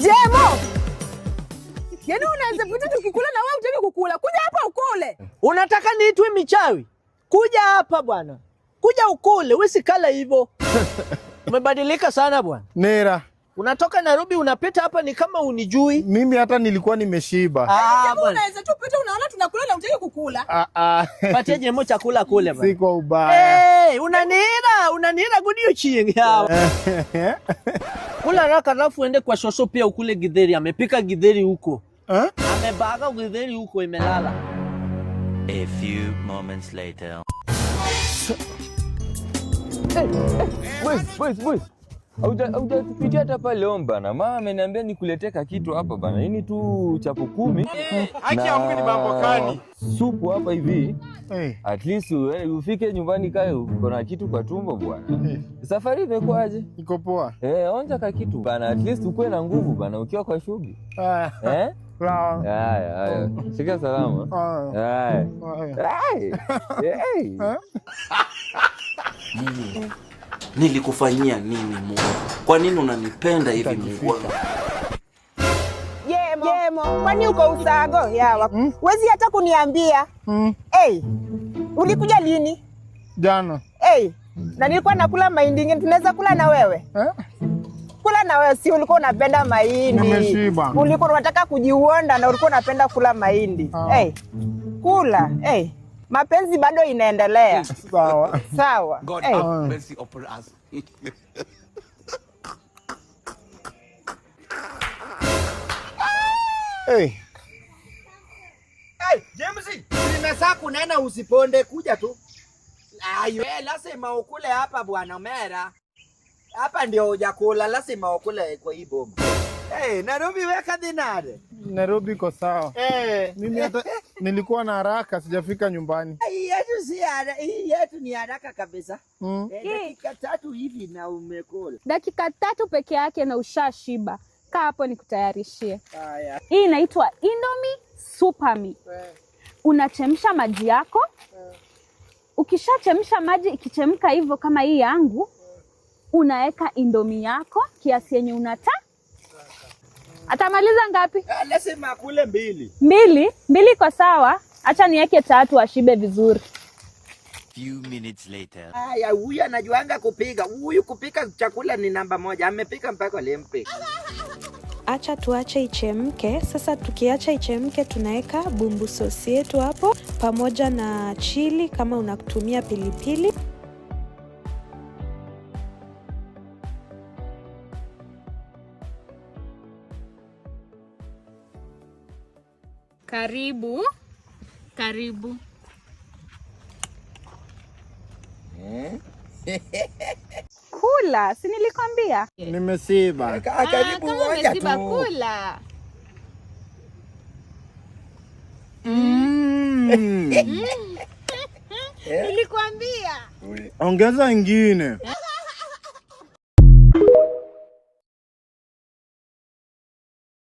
Jemo. Yaani unaanza kutaka kukula na wewe utaki kukula. Kuja hapa ukule. Unataka niitwe michawi? Kuja hapa bwana. Kuja ukule, wewe si kala hivyo. Umebadilika sana bwana. Nera. Unatoka Nairobi unapita hapa ni kama unijui. Mimi hata nilikuwa nimeshiba. Ah, yaani unaweza tu pita unaona tunakula na unataka kukula. Ah ah. Patia Jemo chakula kule bwana. Siko ubaya. Eh, hey, unanira, unanira good you ching. Kula raka alafu ende kwa shosho pia ukule githeri. Amepika githeri huko eh? Amebaga githeri huko imelala. A few moments later. Hey, hey, wait, wait, wait. Haujapitia hata pale om bana, mama ameniambia nikuleteka kitu hapa bana, ini tu chapu kumi na supu hapa hivi, at least ufike nyumbani kae uko na kitu kwa tumbo bwana. Safari imekuwaje? Iko poa. Eh, onja ka kitu bana, at least ukuwe na nguvu bana ukiwa kwa shughuli ah. eh? shika salama. Ah. Haya. Eh? nilikufanyia nini Mungu? Kwa nini unanipenda hivi Mungu wangu? Jemo, kwani uko usago yawa mm? Wezi hata kuniambia mm. Hey, ulikuja lini? Jana. Hey, na nilikuwa nakula mahindi ingine, tunaweza kula na wewe eh? Kula na wewe, si ulikuwa unapenda mahindi? Nimeshiba. Ulikuwa unataka kujiuonda na ulikuwa unapenda kula mahindi ah. Hey, kula hey mapenzi bado inaendelea. Mm. Sawa sawa. God hey. Have mercy upon us. Hey. Hey, James, nimesaa kunena usiponde kuja tu. Ayo, eh, lazima ukule hapa bwana Mera. Hapa ndio hujakula, lazima ukule kwa hii boma. Hey, Nairobi weka dinare. Nairobi iko sawa. Hey. Eh. Mimi hata nilikuwa na haraka sijafika nyumbani. Hii yetu si haraka, hii yetu ni haraka kabisa. Mm. Hey, dakika tatu hivi na umekula. Dakika tatu peke yake na ushashiba. Kaa hapo nikutayarishie. Haya. Hii inaitwa Indomie Super Me. Hey. Eh. Unachemsha maji yako. Hey. Ukishachemsha maji ikichemka hivyo kama hii yangu, hey, unaweka indomie yako kiasi yenye unataka Atamaliza ngapi? Lazima eh, akule mbili. Mbili mbili kwa sawa, acha niweke tatu ashibe vizuri. Few minutes later. Aya, huyu anajuanga kupika. Huyu kupika chakula ni namba moja, amepika mpaka lempe. Acha tuache ichemke. Sasa tukiacha ichemke, tunaweka bumbu sosi yetu hapo pamoja na chili, kama unatumia pilipili Karibu. Karibu. Kula, si nilikwambia? Nimesiba. Ah, karibu ah, moja tu. Kula. Mm. Mm. Nilikwambia. Ongeza ingine. Ah.